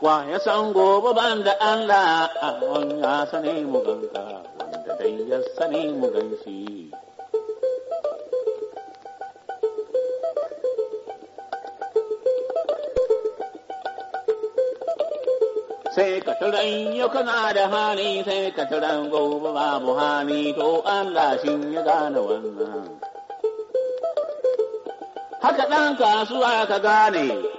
wa ya san gobe ban da Allah wani ya sani mu ganka wanda dai ya sani mu ganshi sai ka turan yau kana da hani, sai ka turan gobe babu hani, to Allah shi ya gane wannan haka ɗan kasuwa ka gane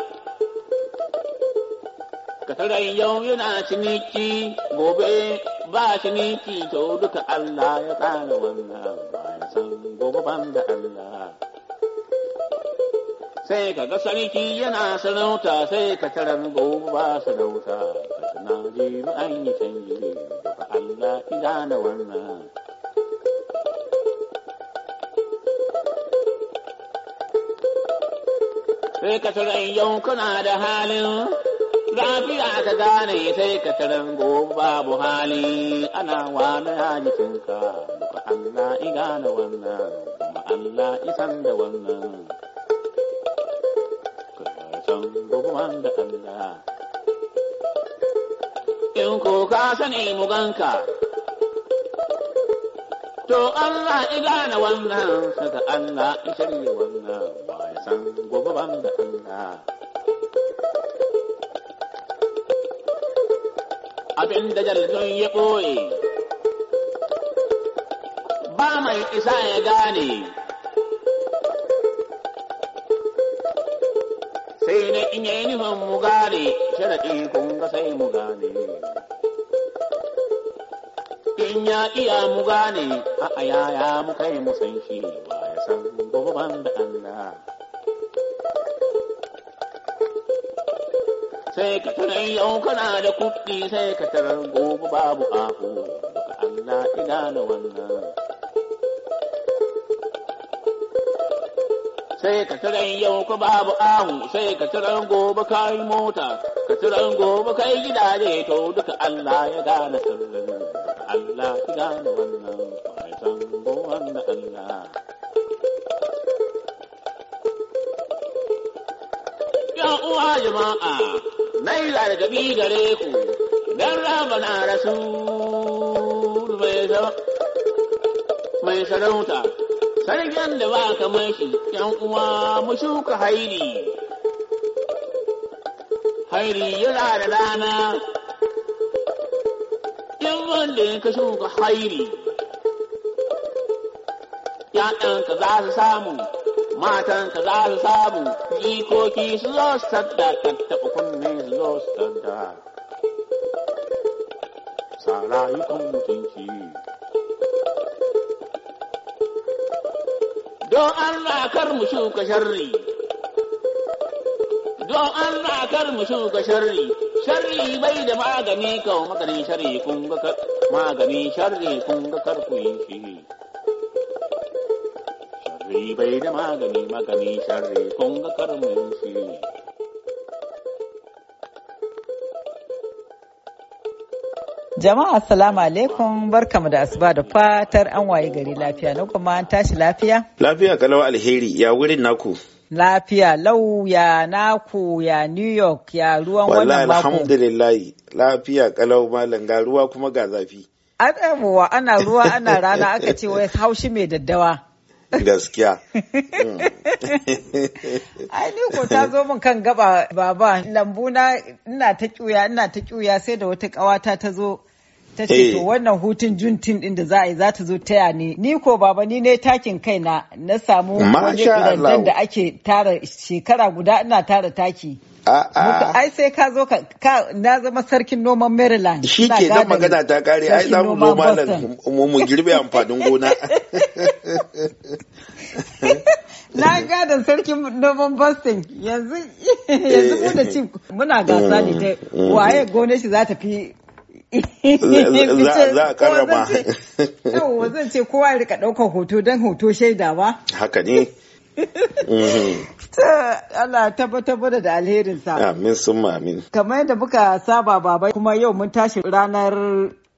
rai yau yana ciniki gobe ba ciniki to duka Allah ya tsara wannan bayan san gobe ban da Allah. Sai ka ga sarki yana sarauta sai ka tarar gobe ba sarauta ka ji mu an yi canji duka Allah idana wannan. Sai ka tarar yau kana da halin Lafiya ta gane sai ka tarin babu hali ana wane jikinka duka Allah igana wannan kuma Allah isan da wannan. Kasan guguman da Allah. In ko ka sani muganka To Allah igana wannan, saka Allah da wannan, ba ya san gobe da Allah. abin da ya ɓoye. Ba mai isa ya gane, sai na in yi nufin mu gane, sharaɗi kun ga sai mu gane. In ya iya mu gane, a ayaya mu kai mu san ba ya san gobe da Allah. sai ka tarar yau kana da kuɗi sai ka tarar gobe babu ahu daga Allah ina da wannan sai ka tarar yau ka babu ahu sai ka tarar gobe kai mota ka tarar gobe kai gidaje to duka Allah ya gane sirrin Allah ina da wannan kai san wannan Allah ya uwa jama'a nai gargabi gare ku don ramana rasul mai sarauta sarkin da ba kamar shi yan uwa mu shuka hairi hairi yana da rana Yan wanda ya ka shuka hairi ‘ya'yanka za su samu, matanka za su samu, jikoki su zo su tattara. 大同进去。Don Allah kar mu shuka sharri, don Allah kar mu shuka sharri, sharri bai da magani kawo magani, sharri kun ga maganin sharri kun ga kar ku yi shi. Sharri bai da magani magani sharri kun ga kar mu yi shi. Jama'a assalamu alaikum barkamu da asuba da fatar an waye gari lafiya na kuma an tashi lafiya? Lafiya kalau alheri ya wurin naku. Lafiya lau ya naku ya New York ya ruwan wannan mako. Wallahi lafiya kalau malam ga ruwa kuma ga zafi. An ana ruwa ana rana aka ce wai haushi mai daddawa. gaskiya ai ko ta zo min kan gaba baba lambu na ina ta kyuya ina ta kyuya sai da wata kawata ta zo ta ce eh. to wannan hutun juntin din da za a yi za ta zo taya ni ni ko baba ni ne takin kai na na samu wajen da ake tara shekara guda ina tara taki A'a. Ai sai ka zo ka na zama sarkin noman Maryland. Shi ke nan magana ta kare ai za mu noma nan mu girbe amfanin gona. Na gada sarkin noman Boston yanzu yanzu mu da ci muna gasa ne ta mm, mm. waye gona shi za ta fi za a karrama. Yau zan ce kowa ya rika ɗaukar hoto don hoto shaidawa. Haka ne. Mm-hmm. Allah tabbatar da alherinsa. Amin sun amin. Kamar yadda muka saba baba kuma yau mun tashi ranar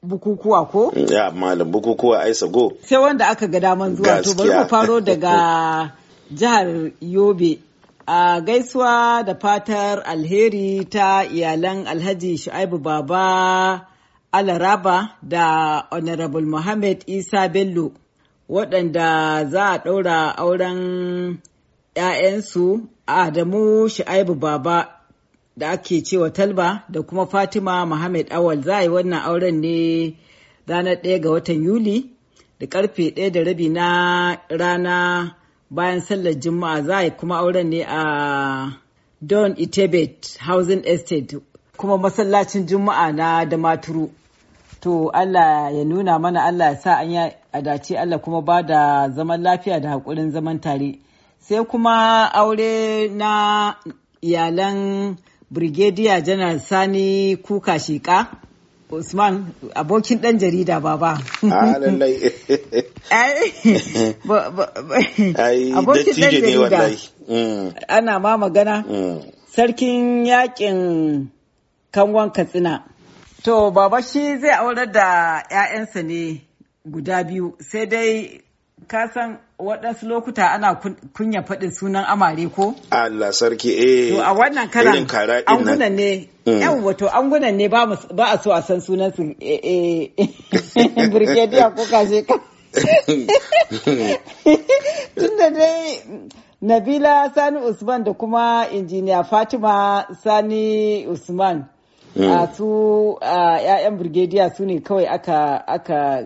bukukuwa ko? Ya malam bukukuwa aisa go. Sai wanda aka ga daman zuwa to bari mu faro daga jihar Yobe. A gaisuwa da fatar alheri ta iyalan Alhaji Shu'aibu Baba Alaraba da Honorable Muhammad Isa Bello waɗanda za a ɗaura auren ‘ya'yansu Adamu Shu'aibu Baba da ake cewa Talba da kuma Fatima Muhammad Awal za a yi wannan auren ne ranar ɗaya ga watan Yuli da karfe ɗaya da rabi na rana bayan sallar Juma'a za a yi kuma auren ne a Don Itebet Housing Estate kuma masallacin Juma'a na Damaturu. To Allah ya nuna mana Allah ya sa an yi a dace Allah kuma ba da zaman lafiya da haƙurin zaman tare. sai kuma aure na iyalan brigadier janar sani kuka shika usman abokin dan jarida baba ah, abokin dan jarida mm. ana ma magana mm. sarkin yakin kangon katsina to baba shi zai aurar da 'ya'yansa ne guda biyu sai dai kasan waɗansu lokuta ana kunya faɗin sunan amare ko? Allah sarki eh. To a wannan karan angunan ne mm. yan wato angunan ne ba a so a san sunan su eh, eh brigadier ko kashe ka. Tunda dai Nabila Sani Usman da kuma injiniya Fatima Sani Usman. Mm. a su a ƴaƴan Burgediya su ne kawai aka aka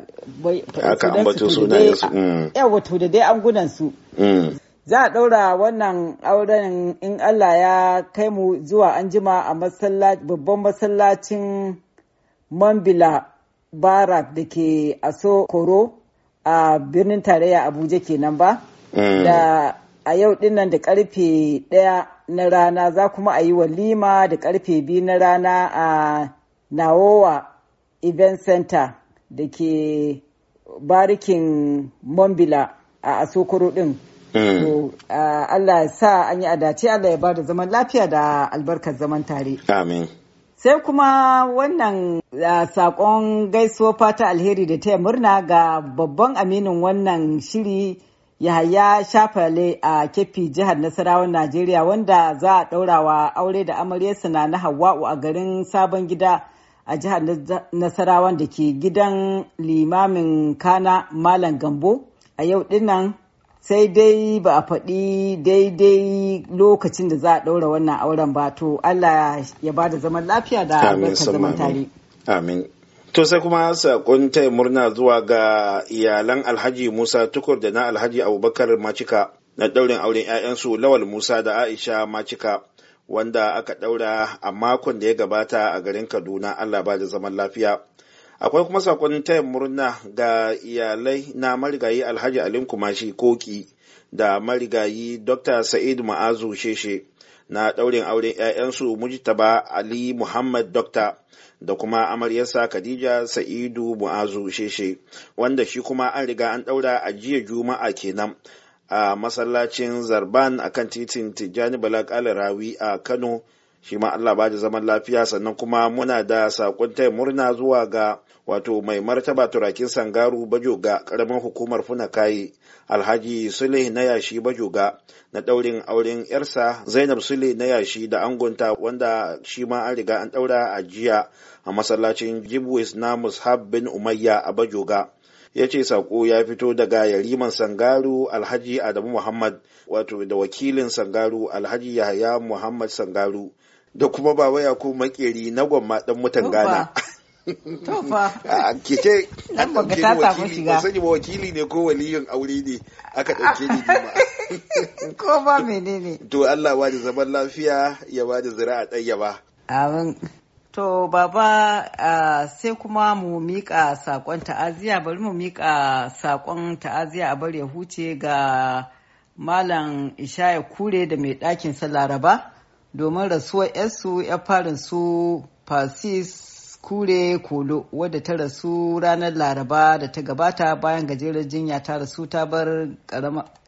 aka ambato sunayen su to da dai mm. angunan su mm. za a ɗaura wannan auren in Allah ya kai mu zuwa anjima a babban masallacin Mambila Barak da ke Aso Koro a birnin tarayya Abuja kenan ba. Da a yau dinnan da karfe ɗaya na rana za kuma a yi walima da karfe biyu na rana a nawowa event center da ke barikin mombila a asokoro din mm. Allah ya sa an yi adace Allah ya ba da zaman lafiya da albarkar zaman tare. Amin. Sai kuma wannan saƙon gaisuwa fata alheri da yi murna ga babban aminin wannan shiri Yahaya Shafale a Kefi jihar Nasarawa Najeriya wanda za a wa aure da amaryarsa na na Hawwa'u a garin Sabon Gida a jihar Nasarawa da ke gidan limamin Kana Malam Gambo a yau dinnan sai dai ba a faɗi daidai lokacin da za a ɗaura wannan auren ba to Allah ya ba da zaman lafiya da zaman tare. Amin. To sai kuma sakon taya murna zuwa ga iyalan Alhaji Musa Tukur da na Alhaji Abubakar Macika na ɗaurin auren 'ya'yansu Lawal Musa da Aisha Macika wanda aka ɗaura a makon da ya gabata a garin Kaduna Allah ba da zaman lafiya. Akwai kuma sakon taya murna ga iyalai na marigayi Alhaji alin Kumashi Koki da marigayi Dr. Sa'id Ma'azu Sheshe na ɗaurin auren 'ya'yansu mujtaba ali muhammad dokta da kuma amaryarsa khadija sa'idu mu'azu sheshe wanda shi kuma an riga an ɗaura a jiya juma'a kenan a masallacin zarban akan titin tijjani balak rawi a kano shi ma Allah ba da zaman lafiya sannan kuma muna da sakon taya murna zuwa ga wato mai martaba turakin sangaru bajoga karamin hukumar funakayi alhaji sule na yashi bajoga na daurin auren yarsa zainab sule na yashi da angonta wanda shi ma an riga an daura a jiya a masallacin jibwis na mushab bin umayya a bajoga ya ce sako ya fito daga yariman sangaru alhaji adamu muhammad wato da wakilin sangaru alhaji yahaya muhammad sangaru da kuma baba yakubu makeri na gwamma dan mutan ghana tofa ah, ke ce an ɗauke ni wakili ba sani ba wakili ne ko waliyin aure ne aka ɗauke ni ba ko ba menene to Allah ba da zaman lafiya ya ba da zira'a ɗaya ba amin to baba ah, sai kuma mu miƙa saƙon ta'aziya bari mu miƙa saƙon ta'aziya a bar ya huce ga malam ishaya kure da mai ɗakin sa laraba domin rasuwar yarsu ya farin su fasis kure kolo wadda ta rasu ranar laraba da ta gabata bayan gajerar jinya ta rasu ta bar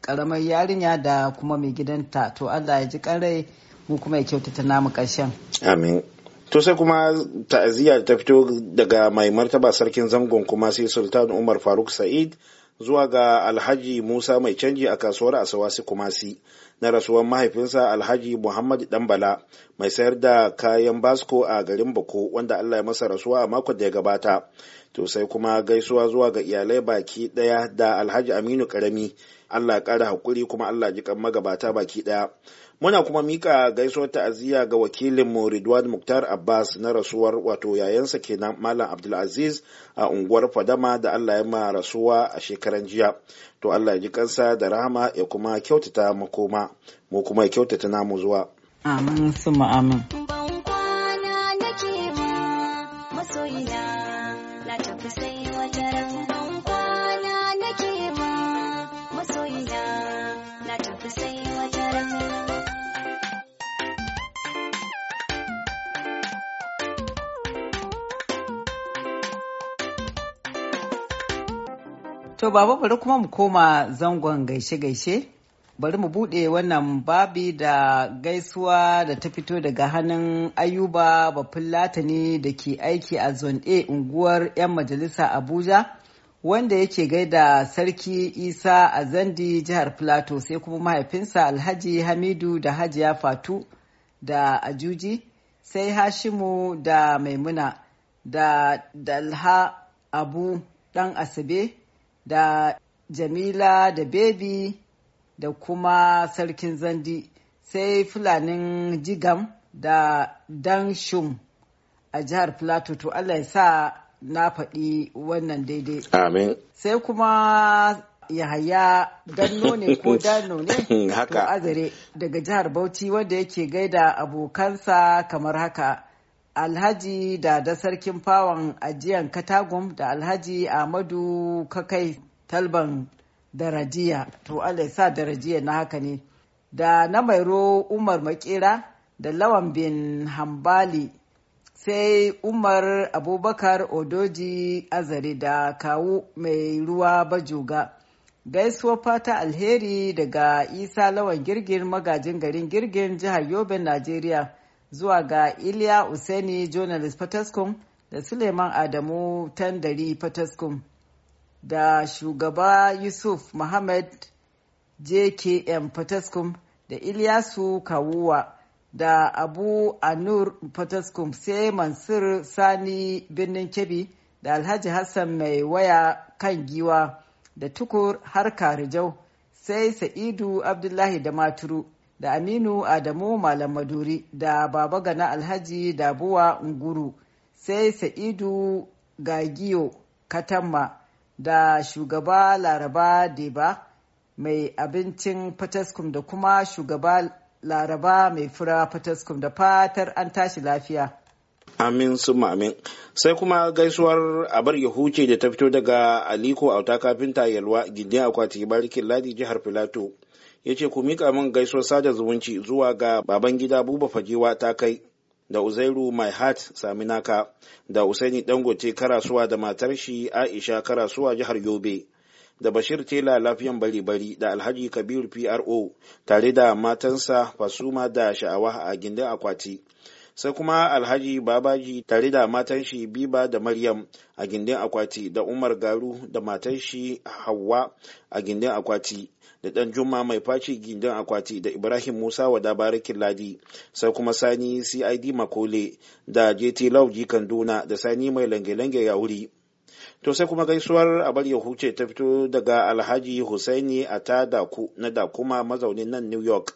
karamar yarinya da kuma mai gidanta to allah ya ji karai mu kuma ya kyautata namu karshen. amin to sai kuma ta'aziyya ta fito daga mai martaba sarkin zangon kuma sai sultan umar faruk sa'id zuwa ga alhaji musa mai canji a kasuwar asawasi kumasi na rasuwar mahaifinsa alhaji muhammad dambala mai sayar da kayan basko a garin bako wanda allah ya masa rasuwa a makon da ya gabata to sai kuma gaisuwa zuwa ga iyalai baki daya da alhaji aminu karami allah kara hakuri kuma allah jikan magabata baki daya Muna kuma mika gaisuwar ta'aziyya ga wakilin mu Ridwan Muktar Abbas na rasuwar wato yayansa kenan Malam Abdulaziz a unguwar Fadama da Allah ya ma rasuwa a shekaran jiya. To Allah ya ji kansa da rahama ya kuma kyautata makoma mu kuma ya kyautata namu zuwa. Amin suma amin. To baba bari kuma mu koma zangon gaishe-gaishe. Bari mu buɗe wannan babi da gaisuwa da ta fito daga hannun Ayuba Bafulatani da ke aiki a Zone A unguwar 'yan majalisa Abuja. Wanda yake gaida Sarki Isa a Zandi jihar Plateau sai kuma mahaifinsa Alhaji Hamidu da Hajiya Fatu da Ajuji sai Hashimu da Maimuna da Dalha Abu ɗan Asabe da jamila da bebi da kuma sarkin zandi sai fulanin jigam da dan shum a jihar plateau to allah ya sa na faɗi wannan daidai amin sai kuma yahaya danno ne ko dano ne haka azare daga jihar bauchi wanda yake gaida abokansa kamar haka alhaji dada sarkin fawon ajiyan katagum da alhaji amadu kakai talban darajiya to sa darajiya na haka ne da na mairo umar makera da lawan bin hambali sai umar abubakar odoji azari da kawu mai ruwa bajoga gaisuwa fata alheri daga isa lawan girgin magajin garin girgin jihar yobin najeriya zuwa ga Iliya Useni Journalist Fataskum da Suleiman Adamu Tandari Fataskum da shugaba Yusuf Muhammad JKM Fataskum da ilyasu Kawuwa da Abu Anur Fataskum sai Mansur Sani Birnin Kebbi da Alhaji Hassan mai waya kan giwa da tukur har Jau sai Sa'idu Abdullahi da Maturu. da aminu adamu malam maduri da baba gana alhaji dabuwa nguru sai sa'idu gagiyo katamma da shugaba laraba deba mai abincin fataskum da kuma shugaba laraba mai fura fataskum da fatar an tashi lafiya amin su amin sai kuma gaisuwar abar yahuce da ta fito daga aliko auta kafinta yalwa gindin akwati barikin ladi jihar filato ya ce ku miƙa min gaisuwar sada zumunci zuwa ga baban gida buba fagewa ta kai da uzairu my heart sami naka da usaini dangote karasuwa da matar shi aisha karasuwa jihar yobe da bashir tela lafiyan bari bari da alhaji kabiru pro tare da matansa fasuma da sha'awa a gindin akwati sai kuma alhaji babaji tare da matan shi biba da maryam a gindin akwati da umar garu da matan shi hawa a gindin akwati da dan juma mai faci gindin akwati da ibrahim musa wada barikin ladi sai kuma sani cid makole da jt lauji kanduna da sani mai lange-lange ya wuri to sai kuma gaisuwar abar ya huce ta fito daga alhaji husaini a ta daku na dakuma mazaunin nan new york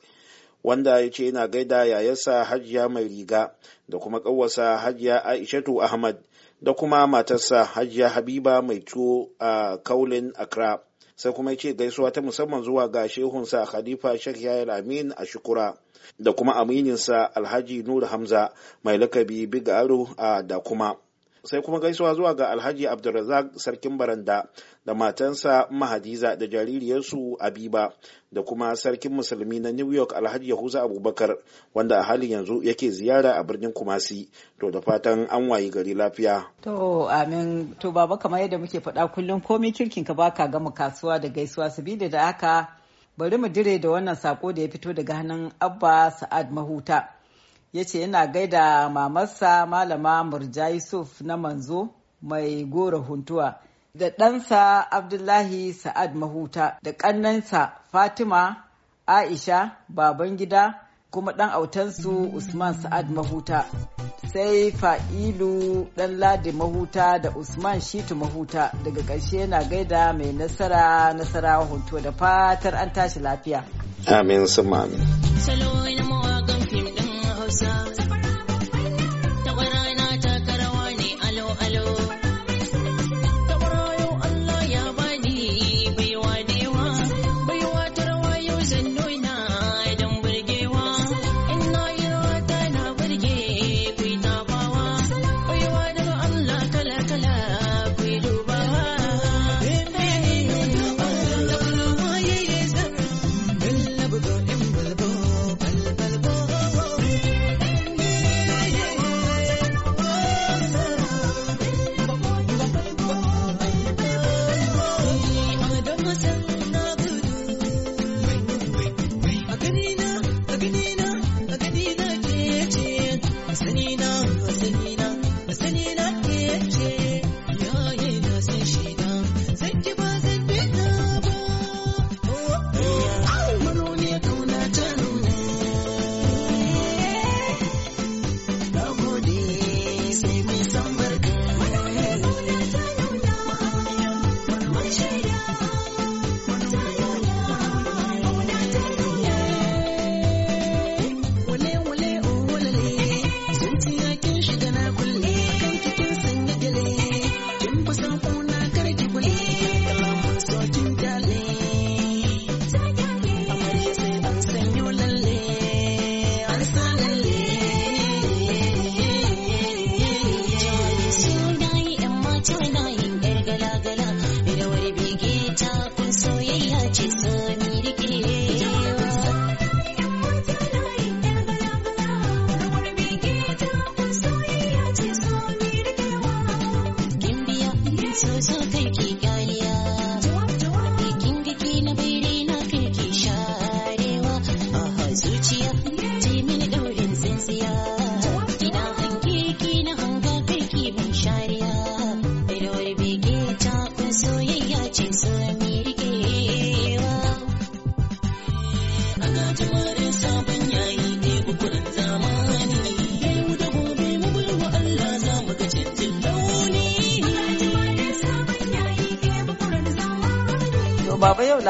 wanda ya ce yana gaida yayarsa hajiya mai riga da kuma kawarsa hajiya aishatu ahmad da kuma matarsa hajiya habiba mai tuwo a kaulin accra sai kuma ce gaisuwa ta musamman zuwa ga shehunsa khalifa sheikh yayar amin a shukura da kuma amininsa alhaji nur hamza mai lakabi aro a dakuma sai kuma gaisuwa zuwa ga alhaji abdulrazak sarkin baranda da matansa mahadiza da jaririyarsu abiba da kuma sarkin musulmi na new york alhaji yahuza abubakar wanda a halin yanzu yake ziyara a birnin kumasi to da fatan an wayi gari lafiya to amin to baba kamar yadda muke faɗa kullum komai kirkin ka baka gama kasuwa da gaisuwa sabida da haka bari mu dire da wannan sako da ya fito daga hannun abba sa'ad mahuta ya ce yana gaida mamarsa malama murja yusuf na manzo mai gora huntuwa da ɗansa abdullahi sa'ad mahuta da ƙannansa fatima aisha babangida kuma ɗan autansu usman sa'ad mahuta sai fa'ilu ɗan ladi mahuta da usman shitu mahuta daga ƙarshe yana gaida mai nasara nasarawa huntuwa da fatar an tashi lafiya amin sun amin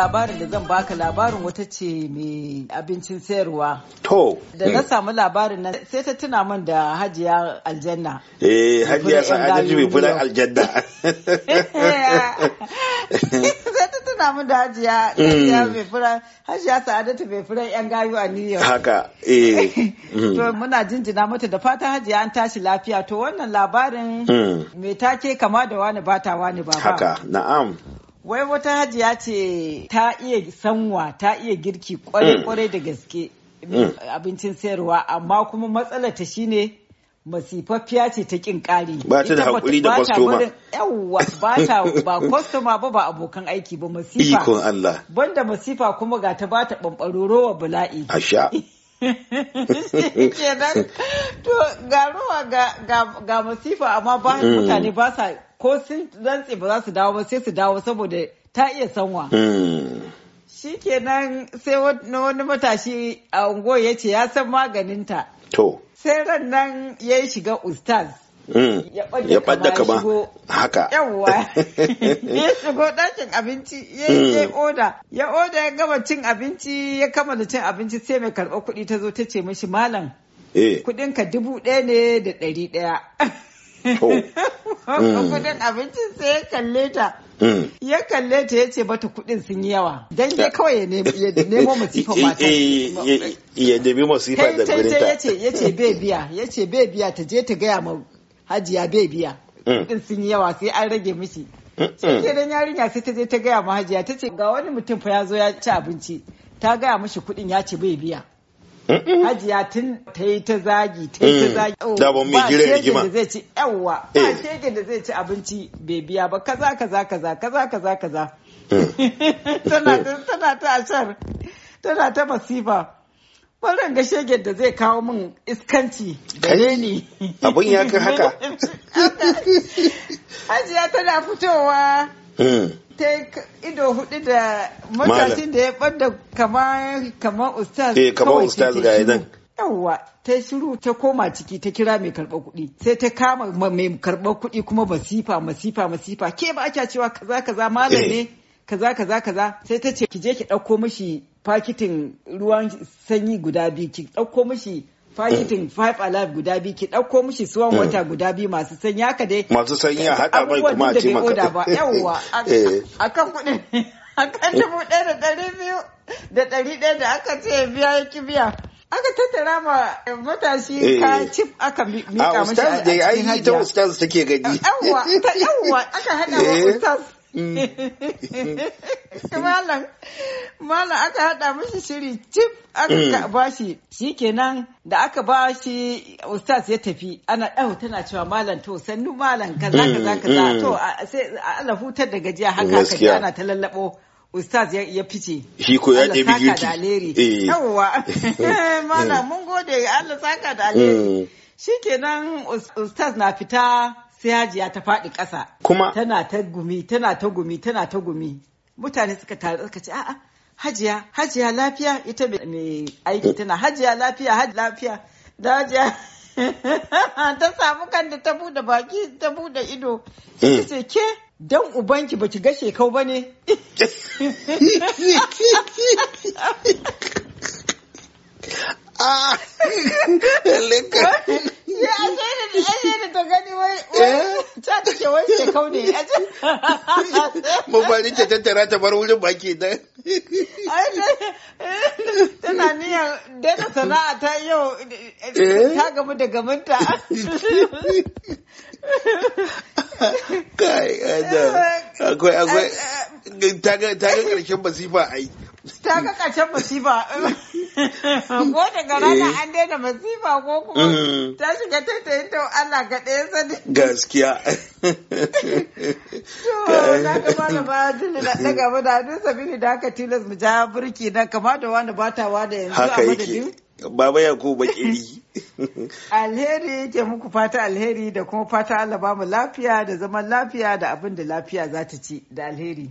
labarin da zan baka labarin wata ce mai abincin sayarwa. To. Da na hmm. samu labarin nan sai ta tuna man da hajiya aljanna. Eh hajiya sa aljanna mai fulan aljanna. Sai ta tuna man da hajiya hmm. mai fulan hajiya sa'adatu mai fulan yan gayu a New York. Haka eh. To hmm. muna jinjina mata da fata hajiya an tashi lafiya to wannan labarin mai take kama da wani bata wani ba. Haka na'am. Wai wata hajiya ce ta iya sanwa, ta iya girki kwarai-kwarai mm. da gaske mm. abincin sayarwa, amma kuma matsalar ta shine masifaffiya ce ta kin kari. Ba ta da hakuri da kwastoma. Yawwa ba ta ba kwastoma ba ba abokan aiki ba masifa. Ikon Allah. Banda masifa kuma ga ta ba ta ɓamɓarorowa bala'i. Asha. to ga ruwa ga masifa amma ba mm. mutane ba sa ko sun rantse ba za su dawo ba sai su dawo saboda ta iya sanwa. Shi kenan sai wani matashi a ungo ya ce ya san maganinta. To. Sai ran nan ya yi shiga ustaz. Mm. Ya ɓadda kama haka. Yawwa. Ya shigo ɗakin abinci ya yi mm. oda. Ya oda ya gama cin abinci ya kammala cin abinci sai mai karɓar kuɗi ta zo ta ce mashi malam. Eh. Kuɗinka dubu ɗaya ne da ɗari ɗaya. Mm. kudin abincin sai ya kalle ta mm. ya kalle ta ya ce bata kudin sun yi yawa dan ya kawai ya nemo masifa eh, mata eh, eh, ya nemi masifa da gurin ta ya ce bai biya ya ce bai biya ta je ta gaya ma hajiya bai biya mm. kudin sun yi yawa sai an rage mishi sai ke dan yarinya sai ta je ta gaya ma hajiya ta ce ga wani mutum fa ya zo ya ci abinci ta gaya mishi kudin ya ce bai biya Hmm? hajiya tun ta yi ta zagi ta yi ta hmm. zagi oh, ba shege da zai ci yawwa ba eh. shege da zai ci abinci bai biya ba kaza kaza kaza kaza kaza kaza hmm. tana ta ashar tana ta masifa wannan ga shege da zai kawo min iskanci da reni abun ya kai haka hajiya tana fitowa ta ido hudu da matashin da ya kamar ustaz eh kamar ustaz ga nan Yawa ta shiru ta koma ciki ta kira mai karɓar kuɗi sai ta kama mai karɓar kuɗi kuma masifa masifa masifa ke ba ake cewa kaza kaza malam ne eh. kaza kaza kaza sai ta ce ki je ki ɗauko mishi fakitin ruwan sanyi guda biyu ki ɗauko mishi fakitin five alive guda biyu ki ɗauko mishi suwan mm. wata guda biyu masu sanyi haka dai masu sanyi a haɗa mai kuma a ce maka eh. a kan akan kuɗin kan dubu ɗaya da ɗari biyu da ɗari ɗaya da aka ce biya ya ki biya aka tattara ma matashi eh. ka cif aka mika mishi a cikin hajiya. A ustaz ya yi ta ustaz take gani. Yawwa aka haɗa wa eh. ustaz. malam malam aka hada masa shiri cif aka mm. ba shi shikenan da aka ba shi ustaz ya tafi ana ɗau tana cewa malam to sannu malam za mm, kaza kaza mm. to sai Allah hutar da gajiya haka ka ana ta lallabo ustaz ya fice shi ko ya ɗebi girki da alheri eh. yawwa malam mun gode Allah saka da alheri shikenan ustaz na fita sai hajiya ta faɗi ƙasa kuma tana ta gumi tana ta gumi tana ta gumi mutane suka taru suka ce a'a hajiya hajiya lafiya ita mai aiki tana hajiya lafiya hajiya lafiya da hajiya ta samu kan da ta buɗe baki ta buɗe ido ita eh. ce ke dan ubanki baki ga shekau ba ne Ah, Ya ashe da ta gani wai eh? ta take wai ke kaune. baki da. Eh, tana niyan daina sana'a ta yau eh? ta gamu da gamunta. Kai akwai akwai ta ga karshen masifa ai. ta ga masifa ko daga rana an daina masifa ko kuma mm-hmm. ta shiga taitayin ta Allah ga ɗaya sani. Gaskiya. To, na da ba malama jini na ɗaga ba da hannun sabi ne da aka tilas mu ja burki na kama da wani batawa da yanzu a madadin. Baba ya ko bakiri. alheri ke muku fata alheri da kuma fata Allah ba mu lafiya da zaman lafiya da abin da lafiya za ta ci da alheri.